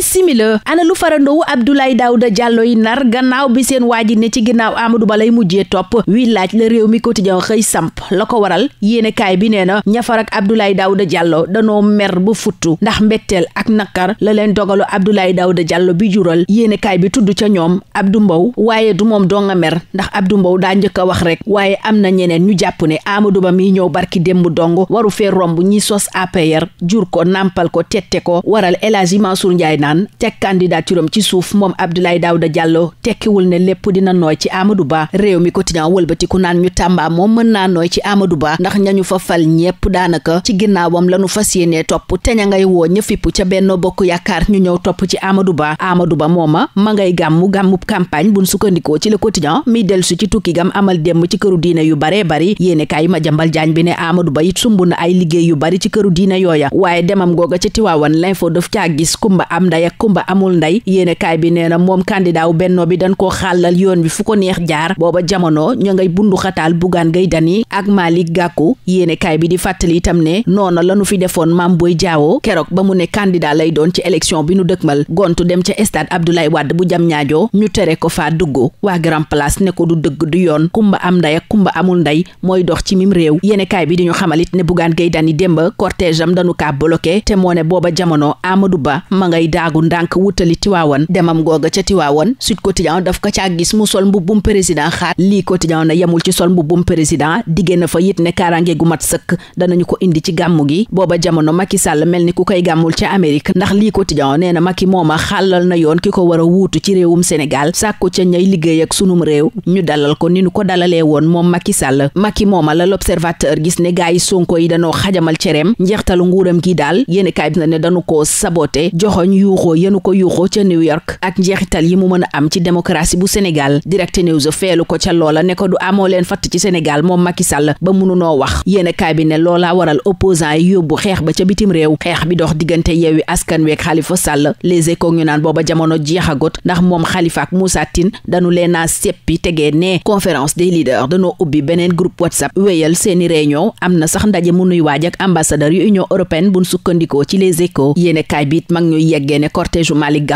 simila ana lu farandoowu Abdoulaye Daouda Diallo yi nar gannaaw bi seen waaji ne ci ginnaaw Amadou Ba lay mujjee topp wii laaj la réew mi quotidien xëy samp la ko waral yéenekaay bi nee na ñafar ak Abdoulaye Daouda Diallo danoo mer bu futtu ndax mbetteel ak naqar la leen dogalu Abdoulaye Daouda jàllo bi jural yéenekaay bi tudd ca ñoom Abdou mbaw waaye du moom doo nga mer ndax Abdou mbaw daa njëkk a wax rek waaye am na ñeneen ñu jàpp ne Amadou Ba mi ñëw barki démb dong waru fee romb ñi sos APR jur ko nàmpal ko tette ko waral El Ndiaye naan teg candidature am ci suuf moom Abdoulaye Daouda Diallo tekkiwul ne lépp dina nooy ci Amadou Ba réew mi quotidien wëlbatiku naan ñu Tamba moom mën naa nooy ci Amadou Ba ndax ñu fa fal ñépp daanaka ci ginnaawam lañu fas yéenee topp te ña ngay woo ña ca benn Bokk Yaakaar ñu ñëw topp ci Amadou Ba amadu Ba mooma ma ngay gàmmu gàmmub campagne buñ sukkandikoo ci le quotidien mi dellusi ci tukki gam amal démb ci këru diine yu baree bari yéene kaay ma jambal jaañ bi ne Amadou Ba sumb na ay liggéey yu bari ci këru diine yooya waaye am nday ak kumba amul nday yéenekaay bi nee na moom candidat wu bennoo bi dan koo xàllal yoon bi fu ko neex jaar booba jamono ña ngay bundu xataal gay Gueye Dany ak Malick Gakou yéenekaay bi di fàttali itam ne noona la nu fi defoon Mame Boye Diao keroog ba mu ne candidat lay doon ci élection bi nu dëkmal gontu dem ca stade Abdoulaye Wade bu jam ñaajo ñu tere ko faa dugg waa Grand ne ko du dëgg du yoon kumba am nday kumba amul nday mooy dox ci mim réew yéenekaay bi di ñu xamalit ne Bougane Gueye Dany démba cortège am dañu kaa bloqué te moo ne booba jamono Amadou Ba ma ngay ngay daagu ndànk wutali tiwaawan demam googa ca tiwaawan Sud Quotidien daf ko caa gis mu sol mbubbum président xaar lii Quotidien na yemul ci sol mbubbum président diggée na fa it ne kaaraange gu mat sëkk danañu ko indi ci gàmmu gi booba jamono Macky Sall mel ni ku ko war a wuutu ci réewum Sénégal sàkku ca ñay liggéey ak sunum réew ñu dalal ko ni ñu ko dalalee woon moom Macky Sall Macky mooma la l'observateur gis ne gaay Sonko yi danoo xajamal cereem njeextalu nguuram gi daal yéeni kaay bi ne dañu yuuxoo yenu ko yuuxoo ca New York ak njeexital yi mu mën a am ci démocratie bu Sénégal Direct News feelu ko ca loola ne ko du amoo leen fatt ci Sénégal moom Macky Sall ba mënunoo wax yéen a kaay bi ne loola waral opposant yi yóbbu xeex ba ca bitim réew xeex bi dox diggante Yewwi Askan Wi ak Khalifa Sall Les Échos ñu naan booba jamono jeexagut ndax moom Khalifa ak Moussa Tine danu leenaa seppi tegee ne conférence des leaders danoo ubbi beneen groupe WhatsApp wéyal seeni réunion am na sax ndaje mu nuy waaj ak ambassadeur yu Union a kaay biit génne cortège Malick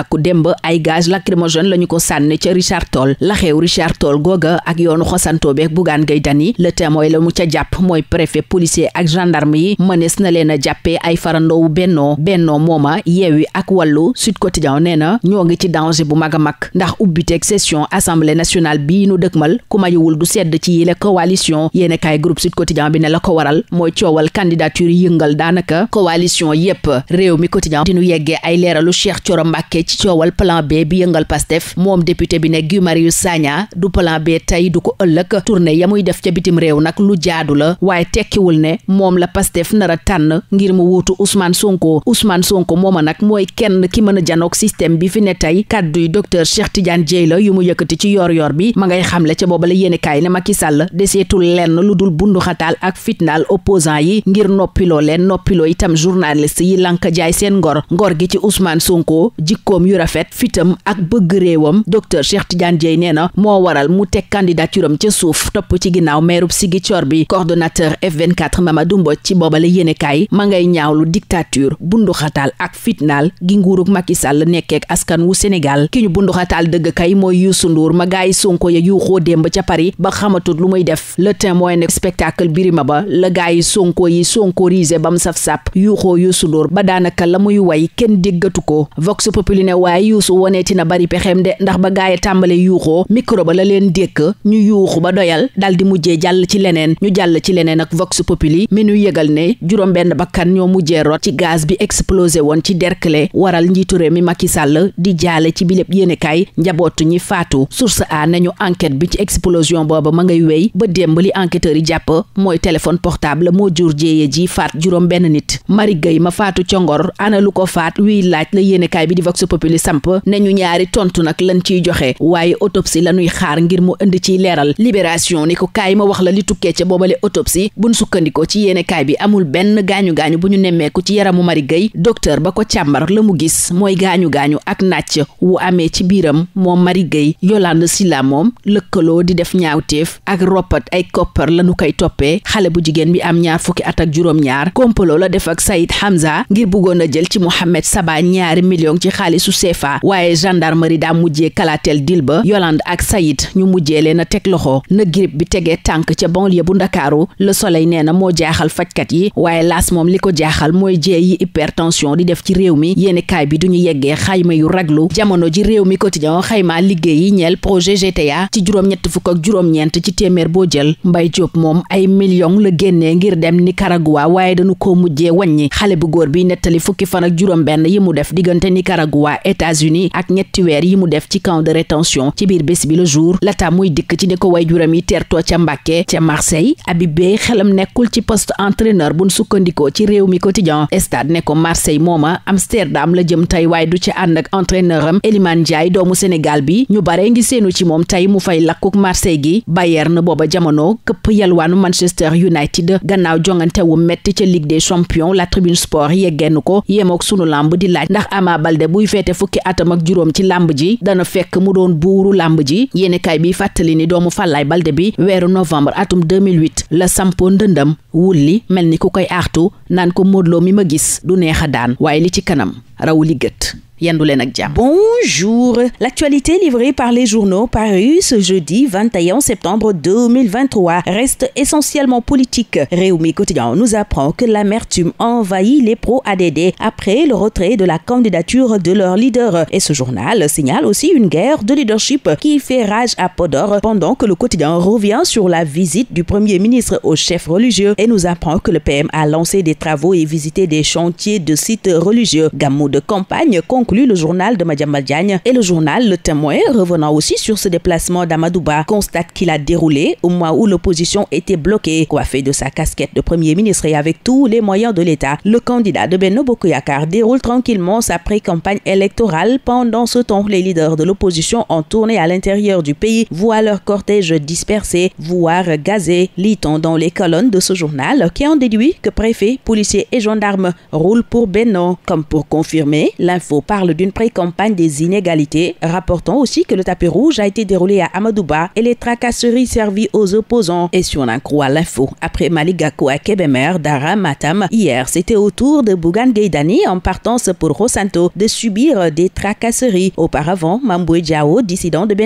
ay gaz lacrymogène la ko sànni ca Richard Toll la xew Richard Toll googa ak yoonu xosantoo beeg Bougane Gueye Dany le témoin la mu ca jàpp mooy préfet policier ak gendarme yi mënees na leen a jàppee ay farandoowu bennoo bennoo mooma yeewi ak wàllu Sud Quotidien nee na ñoo ngi ci danger bu mag a mag ndax ubbiteeg session assemblée national bi nu dëkmal ku mayiwul du sedd ci yile coalition yéene kaay groupe Sud Quotidien bi ne la ko waral mooy coowal candidature yëngal daanaka coalition yépp réew leeralu Cheikh Thioro Mbacké ci coowal plan B bi yëngal Pastef moom député bi ne Guy Marius Sagna du plan B tey du ko ëllëg tournée ya muy def ca bitim réew nag lu jaadu la waaye tekkiwul ne moom la Pastef nar a tànn ngir mu wuutu Ousmane Sonko Ousmane Sonko mooma nag mooy kenn ki mën a janook système bi fi ne tey kàdduy docteur Cheikh Tidiane Dièye la yu mu yëkkati ci yor yoor bi ma ngay xamle ca booba la yéenekaay ne Macky Sall deseetul lenn lu dul bunduxataal ak fitnaal opposant yi ngir noppiloo leen noppiloo itam journaliste yi lank jaay seen ngor Ousmane Sonko jikkoom yu rafet fitam ak bëgg réewam docteur Cheikh Tidiane Dieye nee na moo waral mu teg candidature am ca suuf topp ci ginnaaw meerub Ziguinchor bi coordonnateur F24 Mamadou Mbodj ci boobale yéenekaay ma ngay ñaawlu dictature bunduxataal ak fitnaal gi nguurug Macky Sall nekkeek askan wu senegal ki ñu bunduxataal dëgg kay mooy Youssou nduur ma gaay Sonko ya yuuxoo démb ca Paris ba xamatut lu muy def le témoin ne spectacle birima ba la gaay Sonko yi Sonko risé tontu ko vox populi ne waaye yuusu woneeti na bari pexem de ndax ba gaay tàmbale yuuxoo micro ba la leen dékk ñu yuuxu ba doyal dal di mujjee jàll ci leneen ñu jàll ci leneen ak vox populi mi ñu yëgal ne juróom benn bakkan ñoo mujjee rot ci gaz bi explosé woon ci le waral njiitu réew mi Macky Sall di jaale ci bileb yéenekaay njabootu ñi faatu source a ñu enquête bi ci explosion booba ma ngay wey ba démb li enquêteurs yi jàpp mooy téléphone portable moo jur jéeye ji faat juróom nit Marie laaj la yéenekaay bi di vox populi samp nañu xaar ngir mu indi ciy leeral libération ni ko kaay ma wax la li tukkee ca boobale autopsie buñ sukkandikoo ci yéenekaay bi amul benn gaañu-gaañu bu ñu nemmeeku ci yaramu Marie Gueye docteur ba ko càmbar la mu gis mooy gaañu-gaañu ak nàcc wu amee ci biiram moom Marie Gueye Yolande Silla moom lëkkaloo di def ñaawteef ak roppat ay koppar lañu koy toppee xale bu jigéen bi am ñaar fukki at ak juróom-ñaar kompaloo la def ak Saïd Hamza ngir bëggoon a jël ci Mohamed Sabañ ñaari million ci xaalisu CFA waaye gendarmerie daa mujjee kalatel dil ba Yolande ak Sayid ñu mujjee leen a teg loxo na grippe bi tegee tànk ca banlieue bu ndakaaru la Soleil nee na moo jaaxal fajkat yi waaye laas moom li ko jaaxal mooy jee yi hypertension di def ci réew mi yéeni kaay bi duñu yeggee xayma yu rag lu jamono ji réew mi quotidien xayma liggéey yi ñeel projet GTA ci juróom-ñett fukk ak juróom-ñeent ci téeméer boo jël Mbay Jóob moom ay million la génnee ngir dem Nicaragua waaye dañu ko mujjee wàññi bu góor bi nettali fukki fan ak def diggante Nicaragua États-Unis ak ñetti weer yi mu def ci camp de rétention ci biir bés bi le jour lata muy dikk ci ni ko way juram yi teertoo ca Mbàkke ca Marseille Habib Beye xelam nekkul ci poste entraîneur buñ sukkandikoo ci réew mi quotidien stade ne ko Marseille mooma Amsterdam la jëm tey waaye du ci ànd ak entraîneur am Eliman Ndiaye doomu Sénégal bi ñu bare ngi seenu ci moom tey mu fay lakkuk Marseille gi Bayern booba jamono këpp yalwaanu Manchester United gannaaw jongante wu metti ca Ligue des Champions la Tribune Sport yeggeen ko yemook sunu lamb di laaj ndax amaa balde buy feete fukki atam ak juróom ci làmb ji dana fekk mu doon buuru làmb ji yéenekaay bi fàttali ni doomu Fàllaay balde bi weeru novembre atum 2008 la sampoo ndëndam wulli mel ni ku koy aartu naan ko Modou mi ma gis du neex a daan waaye li ci kanam raw li Bonjour. L'actualité livrée par les journaux parus ce jeudi 21 septembre 2023 reste essentiellement politique. Réumi Quotidien nous apprend que l'amertume envahit les pro-ADD après le retrait de la candidature de leur leader. Et ce journal signale aussi une guerre de leadership qui fait rage à Podor pendant que le quotidien revient sur la visite du premier ministre au chef religieux et nous apprend que le PM a lancé des travaux et visité des chantiers de sites religieux. Gamou de campagne concrète le journal de madame Diagne. Et le journal Le Témoin, revenant aussi sur ce déplacement d'Amadouba, constate qu'il a déroulé au mois où l'opposition était bloquée. Coiffé de sa casquette de premier ministre et avec tous les moyens de l'État, le candidat de Benno Bokoyakar déroule tranquillement sa pré-campagne électorale. Pendant ce temps, les leaders de l'opposition en tournée à l'intérieur du pays voient leur cortège dispersé, voire gazé, lit-on dans les colonnes de ce journal, qui en déduit que préfets, policiers et gendarmes roulent pour Benno. Comme pour confirmer, l'info par d'une pré-campagne des inégalités, rapportant aussi que le tapis rouge a été déroulé à Amadouba et les tracasseries servies aux opposants. Et si on en croit l'info, après Maligako à Kebemer, Dara Matam, hier, c'était au tour de Bougan Gaydani en partance pour Rosanto de subir des tracasseries. Auparavant, Mamboué Djao, dissident de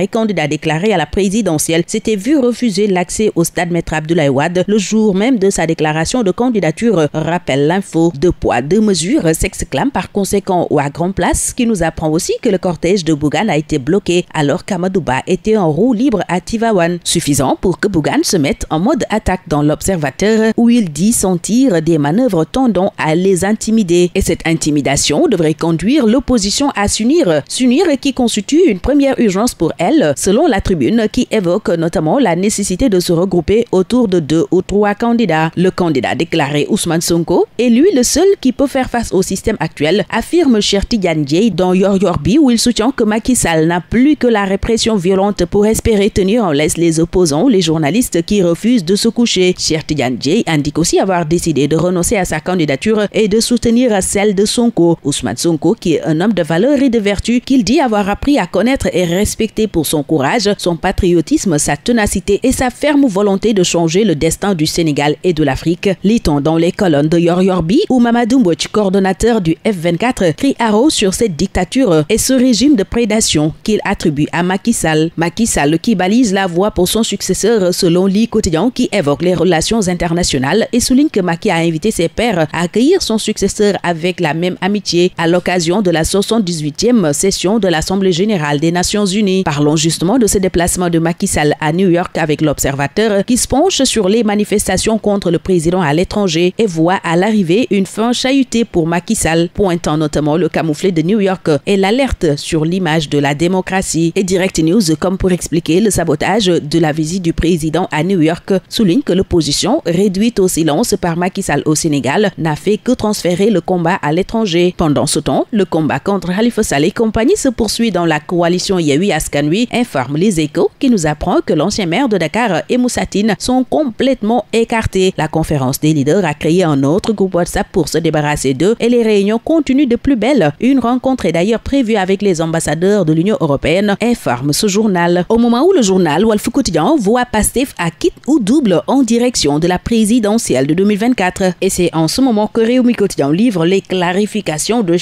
et candidat déclaré à la présidentielle, s'était vu refuser l'accès au stade Maître de Wad le jour même de sa déclaration de candidature. Rappelle l'info. Deux poids, deux mesures s'exclame par conséquent ou à Grand Place, qui nous apprend aussi que le cortège de Bougan a été bloqué alors qu'Amadouba était en roue libre à Tivawan, suffisant pour que Bougan se mette en mode attaque dans l'observateur où il dit sentir des manœuvres tendant à les intimider. Et cette intimidation devrait conduire l'opposition à s'unir, s'unir qui constitue une première urgence pour elle, selon la tribune qui évoque notamment la nécessité de se regrouper autour de deux ou trois candidats. Le candidat déclaré Ousmane Sonko est lui le seul qui peut faire face au système actuel, affirme cher Chertigan dans Yor Yorbi où il soutient que Macky Sall n'a plus que la répression violente pour espérer tenir en laisse les opposants, les journalistes qui refusent de se coucher. Chertigan Diey indique aussi avoir décidé de renoncer à sa candidature et de soutenir celle de Sonko. Ousmane Sonko, qui est un homme de valeur et de vertu qu'il dit avoir appris à connaître et respecter pour son courage, son patriotisme, sa tenacité et sa ferme volonté de changer le destin du Sénégal et de l'Afrique. Lit-on dans les colonnes de Yor Yorbi où Mamadou Mbouch, coordonnateur du F24, cri Haro sur cette dictature et ce régime de prédation qu'il attribue à Macky Sall. Macky Sall qui balise la voie pour son successeur selon Lee Quotidien qui évoque les relations internationales et souligne que Macky a invité ses pères à accueillir son successeur avec la même amitié à l'occasion de la 78e session de l'Assemblée générale des Nations unies. Parlons justement de ce déplacement de Macky Sall à New York avec l'observateur qui se penche sur les manifestations contre le président à l'étranger et voit à l'arrivée une fin chahutée pour Macky Sall, pointant notamment le camouflet de New York et l'alerte sur l'image de la démocratie. Et Direct News, comme pour expliquer le sabotage de la visite du président à New York, souligne que l'opposition, réduite au silence par Macky Sall au Sénégal, n'a fait que transférer le combat à l'étranger. Pendant ce temps, le combat contre Khalifa Sall et compagnie se poursuit dans la coalition Yehui Askanui, informe les échos qui nous apprend que l'ancien maire de Dakar et Moussatine sont complètement écartés. La conférence des leaders a créé un autre groupe WhatsApp pour se débarrasser d'eux et les réunions continuent de plus belle. Une rencontre est d'ailleurs prévue avec les ambassadeurs de l'Union européenne, informe ce journal. Au moment où le journal Wolf Quotidien voit Pastef à quitte ou double en direction de la présidentielle de 2024. Et c'est en ce moment que Réumi Quotidien livre les clarifications de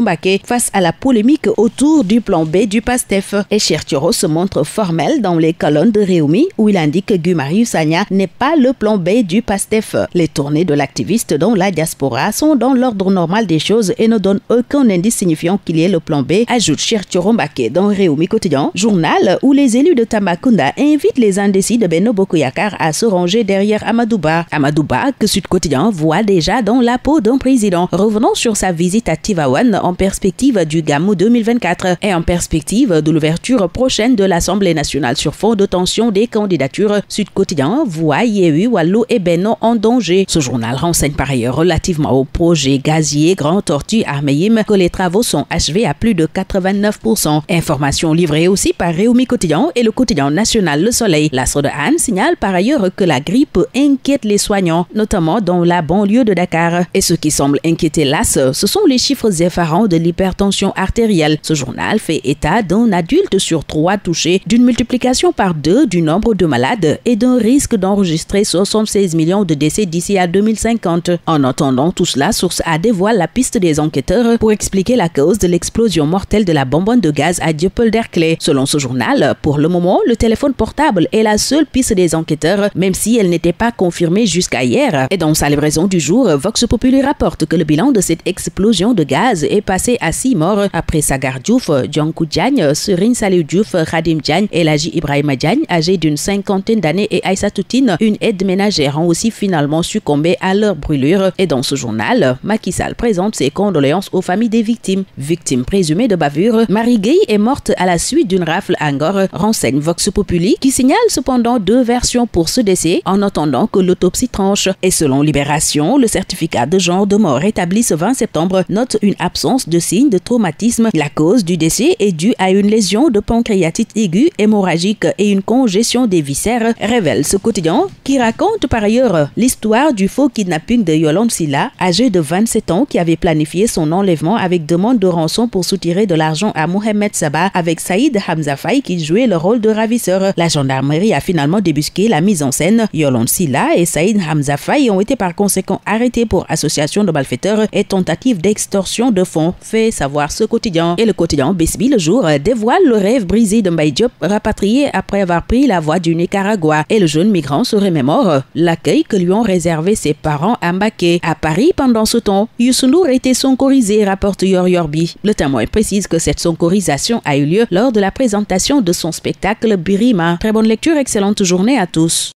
Mbake face à la polémique autour du plan B du PASTEF. Et Chertiro se montre formel dans les colonnes de Réumi où il indique que Gumari n'est pas le plan B du PASTEF. Les tournées de l'activiste dans la diaspora sont dans l'ordre normal des choses et ne donnent aucun aucun indice signifiant qu'il y ait le plan B, ajoute Cher Mbake dans Réumi Quotidien, journal où les élus de Tamakunda invitent les indécis de Beno Bokoyakar à se ranger derrière Amadouba. Amadouba, que Sud Quotidien voit déjà dans la peau d'un président. Revenons sur sa visite à Tivawan en perspective du GAMU 2024 et en perspective de l'ouverture prochaine de l'Assemblée nationale sur fond de tension des candidatures. Sud Quotidien voit Yehu, Wallou et Beno en danger. Ce journal renseigne par ailleurs relativement au projet gazier Grand Tortue Armeïm que les travaux sont achevés à plus de 89%. Information livrée aussi par Réumi Quotidien et le quotidien national Le Soleil. L'Astro de Han signale par ailleurs que la grippe inquiète les soignants, notamment dans la banlieue de Dakar. Et ce qui semble inquiéter l'AS, ce sont les chiffres effarants de l'hypertension artérielle. Ce journal fait état d'un adulte sur trois touché, d'une multiplication par deux du nombre de malades et d'un risque d'enregistrer 76 millions de décès d'ici à 2050. En entendant tout cela, Source A dévoile la piste des enquêteurs pour expliquer la cause de l'explosion mortelle de la bonbonne de gaz à Diopolderclay. Selon ce journal, pour le moment, le téléphone portable est la seule piste des enquêteurs, même si elle n'était pas confirmée jusqu'à hier. Et dans sa livraison du jour, Vox Populi rapporte que le bilan de cette explosion de gaz est passé à six morts après Sagar Diouf, Djankou Diagne, Serine Salih Diouf, Khadim Diagne, Laji Ibrahima Diagne, âgé d'une cinquantaine d'années, et Aïssa Toutine, une aide ménagère, ont aussi finalement succombé à leur brûlure. Et dans ce journal, Macky Sall présente ses condoléances aux familles famille des victimes. Victime présumée de bavure, Marie Gay est morte à la suite d'une rafle à Angor, renseigne Vox Populi, qui signale cependant deux versions pour ce décès en attendant que l'autopsie tranche. Et selon Libération, le certificat de genre de mort établi ce 20 septembre note une absence de signes de traumatisme. La cause du décès est due à une lésion de pancréatite aiguë, hémorragique et une congestion des viscères, révèle ce quotidien qui raconte par ailleurs l'histoire du faux kidnapping de Yolande Silla, âgée de 27 ans, qui avait planifié son enlèvement avec demande de rançon pour soutirer de l'argent à Mohamed Sabah avec Saïd Hamza qui jouait le rôle de ravisseur. La gendarmerie a finalement débusqué la mise en scène. Yolande Silla et Saïd Hamza ont été par conséquent arrêtés pour association de malfaiteurs et tentative d'extorsion de fonds, fait savoir ce quotidien. Et le quotidien bisbi le jour dévoile le rêve brisé de Mbaye rapatrié après avoir pris la voie du Nicaragua. Et le jeune migrant se remémore l'accueil que lui ont réservé ses parents à Mbake. À Paris, pendant ce temps, Youssoundour était soncorisé, rapporte Yor Yorbi. Le témoin précise que cette soncorisation a eu lieu lors de la présentation de son spectacle Birima. Très bonne lecture, excellente journée à tous.